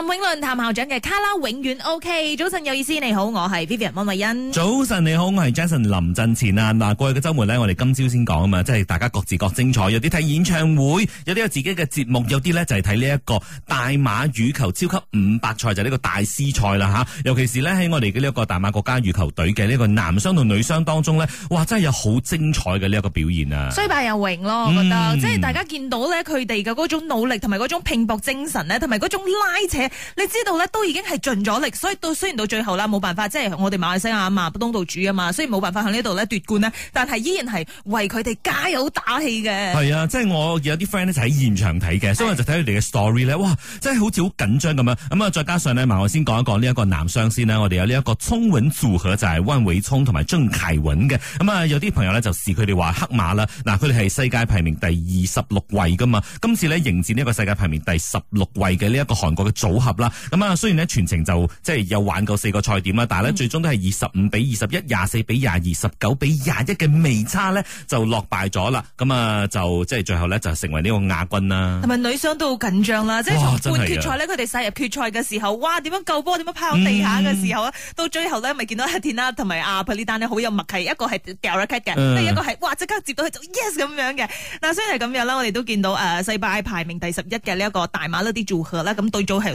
譚詠麟，譚校長嘅卡拉永遠 OK。早晨有意思，你好，我係 Vivian 温慧欣。早晨你好，我係 Jason 林振前啊。嗱，過去嘅周末呢，我哋今朝先講啊嘛，即係大家各自各精彩，有啲睇演唱會，有啲有自己嘅節目，有啲呢就係睇呢一個大馬羽球超級五百賽，就係呢個大師賽啦吓。尤其是呢，喺我哋嘅呢一個大馬國家羽球隊嘅呢個男雙同女雙當中呢，哇，真係有好精彩嘅呢一個表現啊！雖敗有榮咯，我覺得，嗯、即係大家見到呢，佢哋嘅嗰種努力同埋嗰種拼搏精神呢，同埋嗰種拉扯。你知道咧，都已經係盡咗力，所以到雖然到最後啦，冇辦法，即係我哋馬來西亞啊嘛，東道主啊嘛，雖然冇辦法喺呢度咧奪冠呢，冠但係依然係為佢哋加油打氣嘅。係啊，即係我有啲 friend 咧就喺現場睇嘅，所以我就睇佢哋嘅 story 咧，哇，真係好似好緊張咁樣。咁、嗯、啊，再加上咧，咪我先講一講呢一個男雙先啦、啊。我哋有呢一個聰永組合就係、是、温偉聰同埋張凱永嘅。咁、嗯、啊，有啲朋友咧就視佢哋話黑馬啦。嗱，佢哋係世界排名第二十六位噶嘛，今次咧迎戰呢一個世界排名第十六位嘅呢一個韓國嘅組合啦，咁啊雖然咧全程就即係有玩夠四個賽點啦，但係咧最終都係二十五比二十一、廿四比廿二、十九比廿一嘅微差咧就落敗咗啦，咁啊就即係最後咧就成爲呢個亞軍啦。同埋女雙都好緊張啦，即係從半決賽佢哋殺入決賽嘅時候，哇，點樣救波，點樣拋喺地下嘅時候啊，嗯、到最後咧咪見到阿田啦同埋阿帕利丹呢，好有默契，一個係掉甩 cut 嘅，即係、呃、一個係哇即刻接到佢做 yes 咁樣嘅。嗱，雖然係咁樣啦，我哋都見到誒世界排名第十一嘅呢一個大馬呢啲組合啦，咁對組係。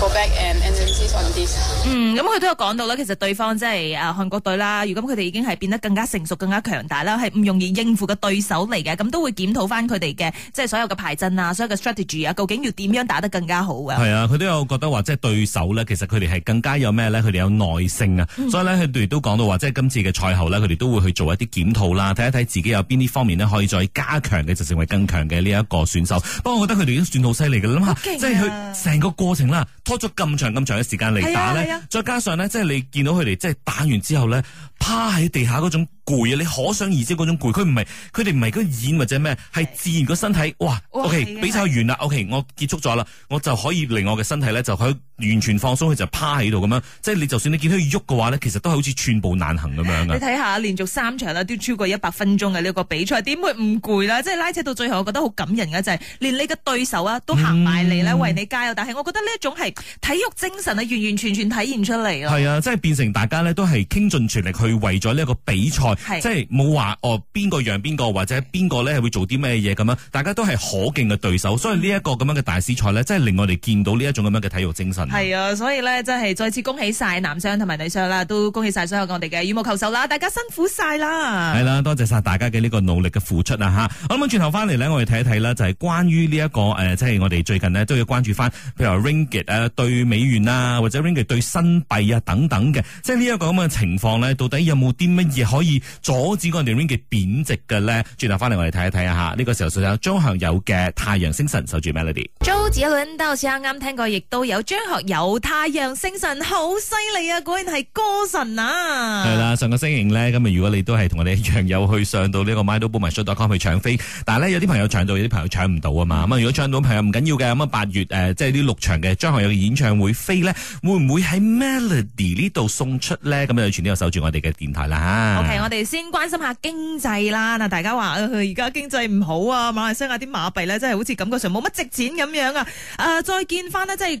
Go back and, and on 嗯，咁佢都有講到啦。其實對方即係啊韓國隊啦，如今佢哋已經係變得更加成熟、更加強大啦，係唔容易應付嘅對手嚟嘅。咁都會檢討翻佢哋嘅即係所有嘅排陣啊，所有嘅 strategy 啊，究竟要點樣打得更加好啊？係啊，佢都有覺得話，即係對手呢，其實佢哋係更加有咩呢？佢哋有耐性啊。嗯、所以呢，佢哋都講到話，即係今次嘅賽後呢，佢哋都會去做一啲檢討啦、啊，睇一睇自己有邊啲方面呢可以再加強嘅，就成為更強嘅呢一個選手。不過，我覺得佢哋已經算好犀利㗎啦。即係佢成個過程啦。拖咗咁長咁長嘅時間嚟打咧，啊啊、再加上咧，即、就、係、是、你見到佢哋，即係打完之後咧，趴喺地下嗰種。攰啊！你可想而知嗰種攰，佢唔係佢哋唔係嗰演或者咩，係自然個身體。哇，O K，比賽完啦，O K，我結束咗啦，我就可以令我嘅身體咧就可以完全放鬆，佢就趴喺度咁樣。即係你就算你見到佢喐嘅話咧，其實都係好似寸步難行咁樣。你睇下連續三場啦，都超過一百分鐘嘅呢個比賽，點會唔攰啦？即係拉扯到最後，我覺得好感人嘅就係連你嘅對手啊都行埋嚟呢，嗯、為你加油。但係我覺得呢一種係體育精神啊，完完全全體現出嚟。係啊，即係變成大家咧都係傾盡全力去為咗呢一個比賽。係啊、即係冇話哦，邊個讓邊個或者邊個咧係會做啲咩嘢，咁樣，大家都係可敬嘅對手，所以呢一個咁樣嘅大師賽咧，真係令我哋見到呢一種咁樣嘅體育精神。係啊，所以咧，真係再次恭喜晒男雙同埋女雙啦，都恭喜晒所有我哋嘅羽毛球手啦，大家辛苦晒啦。係啦、啊，多謝晒大家嘅呢個努力嘅付出啊！吓、嗯，好轉頭翻嚟咧，我哋睇一睇啦，就係關於呢一個誒、呃，即係我哋最近呢都要關注翻，譬如話 ringgit 啊，對美元啊，或者 ringgit 對新幣啊等等嘅，即係呢一個咁嘅情況咧，到底有冇啲乜嘢可以？阻止嗰段嘅貶值嘅咧，轉頭翻嚟我哋睇一睇下呢個時候就有張學友嘅太陽星辰守住 melody。接一輪，啱啱聽過，亦都有張學友《太陽星辰》，好犀利啊！果然係歌神啊！係啦，上個星期咧，咁啊，如果你都係同我哋一樣，有去上到呢個 mydoublebookings.com 去搶飛，但係咧有啲朋友搶到，有啲朋友搶唔到啊嘛。咁啊，如果搶到朋友唔緊要嘅，咁啊八月誒，即係呢六場嘅張學友嘅演唱會飛咧，會唔會喺 Melody 呢度送出咧？咁啊，全都要守住我哋嘅電台啦嚇。OK，我哋先關心下經濟啦。嗱，大家話而家經濟唔好啊，馬來西亞啲馬幣咧，真係好似感覺上冇乜值錢咁樣。啊、呃！再見翻呢，即係誒，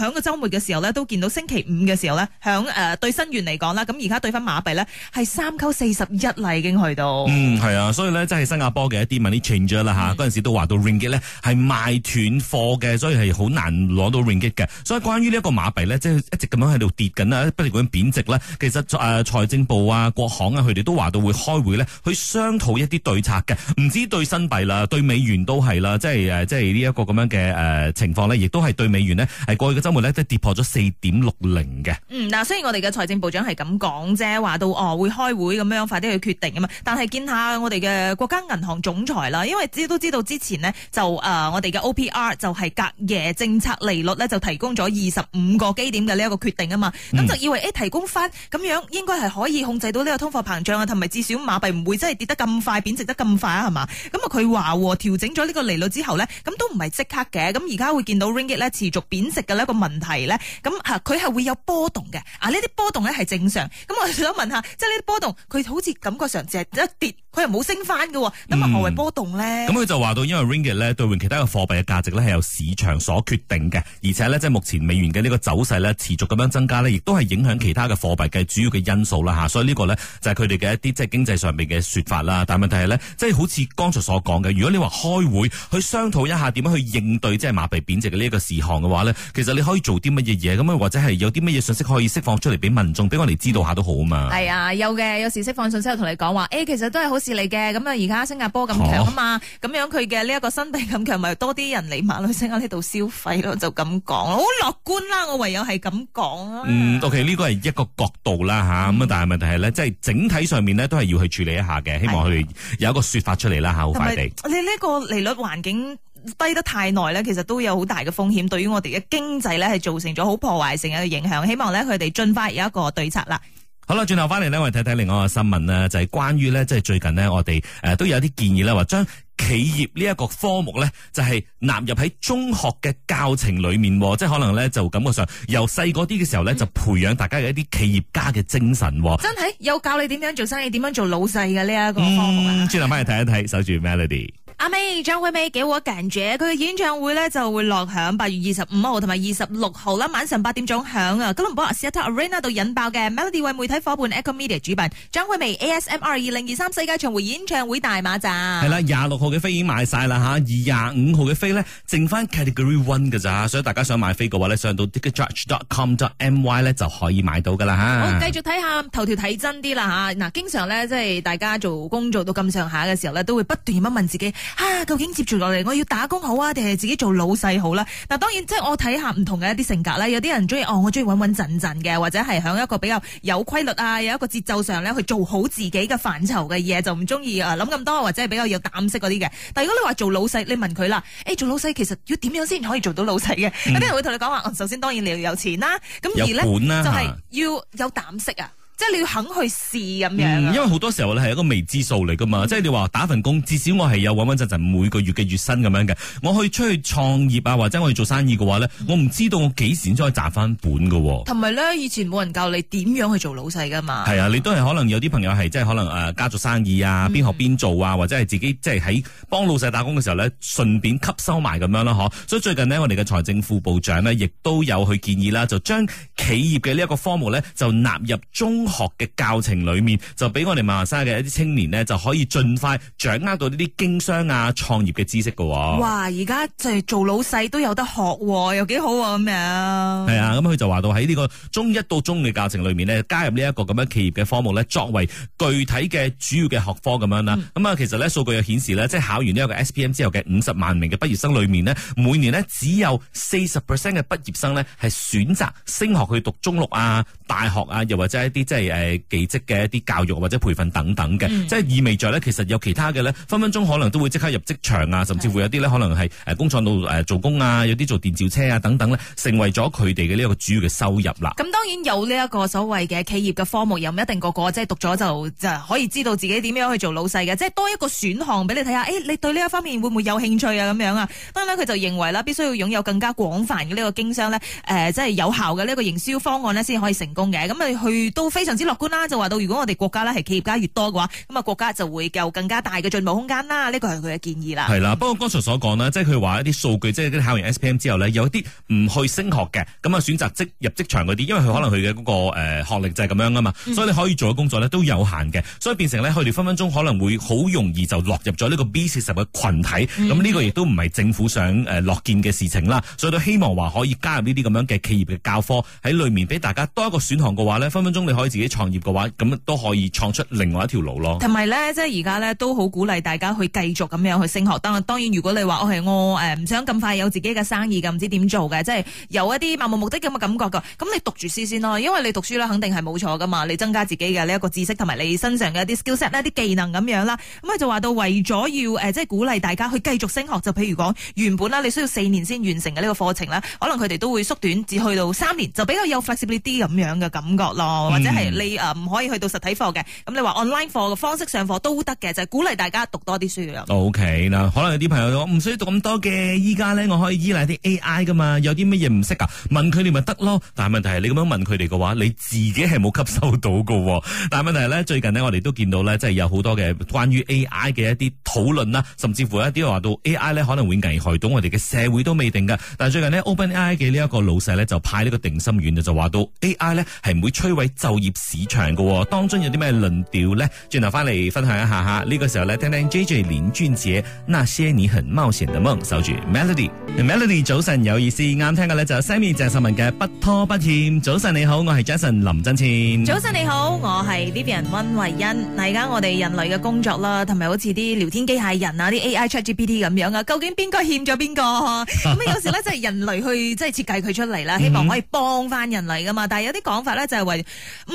喺個週末嘅時候咧，都見到星期五嘅時候咧，響誒、呃、對新元嚟講啦，咁而家對翻馬幣咧，係三溝四十一啦，已經去到。嗯，係啊，所以咧，即係新加坡嘅一啲 money changer 啦、啊，嚇、嗯，嗰陣時都話到 ringgit 呢，係賣斷貨嘅，所以係好難攞到 ringgit 嘅。所以關於呢一個馬幣咧，即係一直咁樣喺度跌緊啦，不斷咁樣貶值啦。其實誒、啊、財政部啊、國行啊，佢哋都話到會開會咧，去商討一啲對策嘅。唔知對新幣啦，對美元都係啦，即係即呢一個咁樣嘅誒、呃，情況呢亦都係對美元呢，係過去嘅週末呢，都跌破咗四點六零嘅。嗯，嗱，雖然我哋嘅財政部長係咁講啫，話到哦會開會咁樣，快啲去決定啊嘛。但係見下我哋嘅國家銀行總裁啦，因為知都知道之前呢，就誒、呃、我哋嘅 O P R 就係隔夜政策利率呢，就提供咗二十五個基點嘅呢一個決定啊嘛。咁就以為誒、嗯欸、提供翻，咁樣應該係可以控制到呢個通貨膨脹啊，同埋至少馬幣唔會真係跌得咁快，貶值得咁快啊，係嘛？咁啊佢話調整咗呢個利率之後呢，咁都唔係即刻嘅。咁而家會見到 Ringgit 咧持續貶值嘅呢一個問題咧，咁吓佢係會有波動嘅，啊呢啲波動咧係正常。咁我想問下，即係呢啲波動佢好似感覺上只係一跌。佢又冇升翻嘅，咁啊何為波動咧？咁佢、嗯、就話到，因為 ringgit 對換其他嘅貨幣嘅價值咧係由市場所決定嘅，而且呢，即係目前美元嘅呢個走勢咧持續咁樣增加呢，亦都係影響其他嘅貨幣嘅主要嘅因素啦吓，所以呢個呢，就係佢哋嘅一啲即係經濟上面嘅説法啦。但問題係呢，即、就、係、是、好似剛才所講嘅，如果你話開會去商討一下點樣去應對即係馬幣貶值嘅呢一個事項嘅話呢，其實你可以做啲乜嘢嘢咁或者係有啲乜嘢信息可以釋放出嚟俾民眾，俾我哋知道下都好啊嘛。係啊，有嘅，有時釋放信息同你講話，誒、欸，其實都係好。嚟嘅，咁啊而家新加坡咁強啊嘛，咁樣佢嘅呢一個新幣咁強，咪多啲人嚟馬來西亞呢度消費咯，就咁講，好樂觀啦，我唯有係咁講啦。嗯，OK，呢個係一個角度啦吓，咁啊、嗯，但係問題係咧，即係整體上面咧都係要去處理一下嘅，希望佢哋有一個說法出嚟啦吓，好快地。你呢個利率環境低得太耐咧，其實都有好大嘅風險，對於我哋嘅經濟咧係造成咗好破壞性嘅影響，希望咧佢哋盡快有一個對策啦。好啦，轉頭翻嚟，咧，我哋睇睇另外個新聞啦，就係、是、關於咧，即係最近咧，我哋誒都有啲建議咧，話將企業呢一個科目咧，就係、是、納入喺中學嘅教程裏面，哦、即係可能咧就感覺上由細嗰啲嘅時候咧就培養大家嘅一啲企業家嘅精神。哦、真係，有教你點樣做生意，點樣做老細嘅呢一個科目啊！轉頭翻嚟睇一睇，看看 守住 Melody。阿妹張惠妹幾我 a g 佢嘅演唱會咧就會落響八月二十五號同埋二十六號啦，晚上八點鐘響啊！咁啊，吉隆坡 arena 度引爆嘅 melody 為媒體夥伴 Echo Media 主辦張惠妹 ASMR 二零二三世界巡迴演唱會大馬站係啦，廿六號嘅飛已經賣晒啦，吓，二廿五號嘅飛咧剩翻 category one 㗎咋，所以大家想買飛嘅話咧，上到 ticketcharge.com.my 咧就可以買到噶啦，吓。好，繼續睇下頭條睇真啲啦，吓，嗱，經常咧即係大家做工做到咁上下嘅時候咧，都會不斷咁問自己。啊，究竟接住落嚟，我要打工好啊，定係自己做老細好啦？嗱，當然即係我睇下唔同嘅一啲性格啦。有啲人中意哦，我中意穩穩陣陣嘅，或者係喺一個比較有規律啊，有一個節奏上咧去做好自己嘅範疇嘅嘢，就唔中意啊諗咁多，或者係比較有膽識嗰啲嘅。但係如果你話做老細，你問佢啦，誒、欸，做老細其實要點樣先可以做到老細嘅？有啲人會同你講話，首先當然你要有錢啦、啊，咁而咧本、啊、就係要有膽識啊。即係你要肯去試咁樣、嗯，因為好多時候咧係一個未知數嚟噶嘛。嗯、即係你話打份工，至少我係有穩穩陣陣、就是、每個月嘅月薪咁樣嘅。我去出去創業啊，或者我去做生意嘅話呢，嗯、我唔知道我幾時先可以賺翻本噶、啊。同埋呢，以前冇人教你點樣去做老細噶嘛。係啊，你都係可能有啲朋友係即係可能誒、呃、家族生意啊，邊學邊做啊，嗯、或者係自己即係喺幫老細打工嘅時候呢，順便吸收埋咁樣啦、啊，所以最近呢，我哋嘅財政副部長呢，亦都有去建議啦，就將企業嘅呢一個科目呢，就納入中。學嘅教程裏面就俾我哋馬來西亞嘅一啲青年呢，就可以盡快掌握到呢啲經商啊、創業嘅知識嘅。哇！而家就係做老細都有得學，又幾好啊！咁樣係啊，咁佢就話到喺呢個中一到中嘅教程裏面呢，加入呢一個咁樣企業嘅科目呢，作為具體嘅主要嘅學科咁樣啦。咁啊、嗯，其實呢數據又顯示呢，即係考完呢一個 S P M 之後嘅五十萬名嘅畢業生裏面呢，每年呢，只有四十 percent 嘅畢業生呢，係選擇升學去讀中六啊、大學啊，又或者一啲即係誒、呃、技職嘅一啲教育或者培訓等等嘅，嗯、即係意味着咧，其實有其他嘅咧，分分鐘可能都會即刻入職場啊，甚至乎有啲咧是可能係誒工廠度誒做工啊，嗯、有啲做電召車啊等等咧，成為咗佢哋嘅呢一個主要嘅收入啦。咁、嗯、當然有呢一個所謂嘅企業嘅科目，又唔一定個個即係讀咗就就可以知道自己點樣去做老細嘅，即係多一個選項俾你睇下，誒、哎，你對呢一方面會唔會有興趣啊？咁樣啊？當然佢就認為啦，必須要擁有更加廣泛嘅呢個經商咧，誒、呃，即係有效嘅呢個營銷方案咧，先可以成功嘅。咁你去都非。非常之樂觀啦，就話到如果我哋國家咧係企業家越多嘅話，咁啊國家就會有更加大嘅進步空間啦。呢個係佢嘅建議啦。係啦，不過剛才所講咧，即係佢話一啲數據，即係考完 SPM 之後呢，有一啲唔去升學嘅，咁啊選擇職入職場嗰啲，因為佢可能佢嘅嗰個誒學歷就係咁樣啊嘛，所以你可以做嘅工作呢，都有限嘅，所以變成呢，佢哋分分鐘可能會好容易就落入咗呢個 B 四十嘅群體，咁呢個亦都唔係政府想誒樂見嘅事情啦，所以都希望話可以加入呢啲咁樣嘅企業嘅教科喺裏面俾大家多一個選項嘅話呢，分分鐘你可以。自己創業嘅話，咁都可以創出另外一條路咯。同埋咧，即係而家咧都好鼓勵大家去繼續咁樣去升學。當然，當然如果你話我係我誒唔想咁快有自己嘅生意嘅，唔知點做嘅，即係有一啲漫無目的咁嘅感覺嘅，咁你讀住書先咯，因為你讀書咧肯定係冇錯嘅嘛，你增加自己嘅呢一個知識同埋你身上嘅一啲 skillset 啦、啲技能咁樣啦。咁啊就話到為咗要誒、呃，即係鼓勵大家去繼續升學，就譬如講原本啦，你需要四年先完成嘅呢個課程啦，可能佢哋都會縮短至去到三年，就比較有 flexibility 啲咁樣嘅感覺咯，或者係。你誒唔可以去到實體課嘅，咁你話 online 課嘅方式上課都得嘅，就係、是、鼓勵大家讀多啲書咯。O K，嗱，可能有啲朋友唔需要讀咁多嘅，依家咧我可以依賴啲 A I 噶嘛，有啲乜嘢唔識噶，問佢哋咪得咯。但問題係你咁樣問佢哋嘅話，你自己係冇吸收到嘅。但問題係咧，最近呢，我哋都見到咧，即係有好多嘅關於 A I 嘅一啲討論啦，甚至乎一啲話到 A I 咧可能會危害到我哋嘅社會都未定嘅。但最近呢，Open A I 嘅呢一個老細咧就派呢個定心丸就話到 A I 咧係唔會摧毀就業。市場嘅、哦、當中有啲咩論調呢？轉頭翻嚟分享一下吓，呢、這個時候咧聽聽 J J 林俊傑《那些你很冒險的夢》，守住 Melody，Melody。Mel 早晨有意思，啱聽嘅咧就係 Sammy 鄭秀文嘅《不拖不欠》。早晨你好，我係 Jason 林振千。早晨你好，我係呢邊溫慧欣。嗱而家我哋人類嘅工作啦，同埋好似啲聊天機械人啊，啲 A I Chat G P T 咁樣啊，究竟邊個欠咗邊個？咁 有時咧即係人類去即係設計佢出嚟啦，希望可以幫翻人類噶嘛。但係有啲講法咧就係為。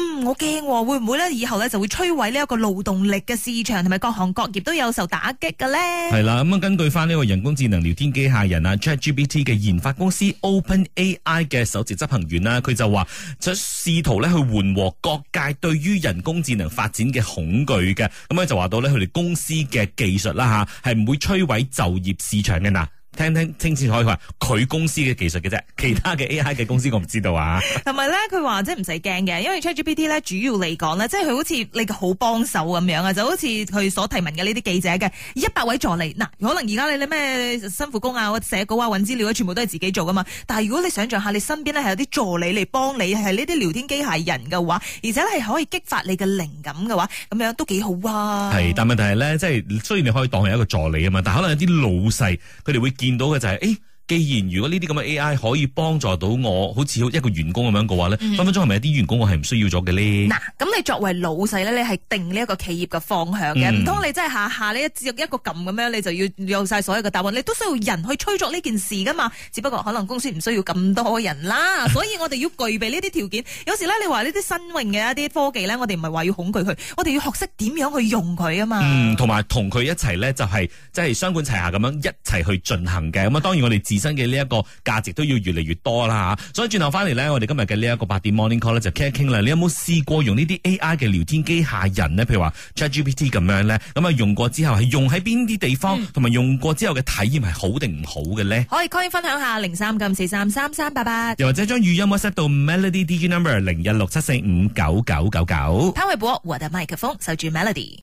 嗯，我驚會唔會咧以後咧就會摧毀呢一個勞動力嘅市場，同埋各行各業都有受打擊嘅咧。係啦，咁啊，根據翻呢個人工智能聊天機械人啊 ChatGPT 嘅研發公司 OpenAI 嘅首席執行員啦，佢就話，就試圖咧去緩和各界對於人工智能發展嘅恐懼嘅，咁咧就話到咧佢哋公司嘅技術啦吓，係唔會摧毀就業市場嘅嗱。聽聽清楚佢話佢公司嘅技術嘅啫，其他嘅 AI 嘅公司我唔知道啊。同埋咧，佢話即係唔使驚嘅，因為 ChatGPT 咧主要嚟講咧，即係佢好似你個好幫手咁樣啊，就好似佢所提問嘅呢啲記者嘅一百位助理嗱、啊，可能而家你啲咩辛苦工啊、寫稿啊、揾資料啊，全部都係自己做噶嘛。但係如果你想象下，你身邊咧係有啲助理嚟幫你，係呢啲聊天機械人嘅話，而且呢，係可以激發你嘅靈感嘅話，咁樣都幾好啊。係，但問題係咧，即係雖然你可以當係一個助理啊嘛，但可能有啲老細佢哋會。見到嘅就係誒。既然如果呢啲咁嘅 AI 可以幫助到我，好似一個員工咁樣嘅話咧，嗯、分分鐘係咪一啲員工我係唔需要咗嘅咧？嗱、嗯，咁你作為老細咧，你係定呢一個企業嘅方向嘅，唔通、嗯、你真係下下你一一個撳咁樣，你就要有晒所有嘅答案？你都需要人去催促呢件事噶嘛？只不過可能公司唔需要咁多人啦，所以我哋要具備呢啲條件。 有時咧，你話呢啲新穎嘅一啲科技咧，我哋唔係話要恐懼佢，我哋要學識點樣去用佢啊嘛。嗯，同埋同佢一齊咧、就是，就係即係雙管齊下咁樣一齊去進行嘅。咁啊，當然我哋自新嘅呢一個價值都要越嚟越多啦吓，所以轉頭翻嚟咧，我哋今日嘅呢一個八點 morning call 咧就傾一傾啦。你有冇試過用呢啲 A I 嘅聊天機械人咧？譬如話 Chat GPT 咁樣咧，咁啊用過之後係用喺邊啲地方，同埋、嗯、用過之後嘅體驗係好定唔好嘅咧？可以 call in 分享下零三九四三三三八八，又或者將語音 WhatsApp 到 Melody Digi Number 零一六七四五九九九九。潘偉博獲得麥克風，守住 Melody。